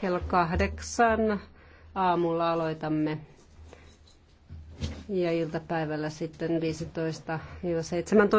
Kello kahdeksan aamulla aloitamme ja iltapäivällä sitten 15-17.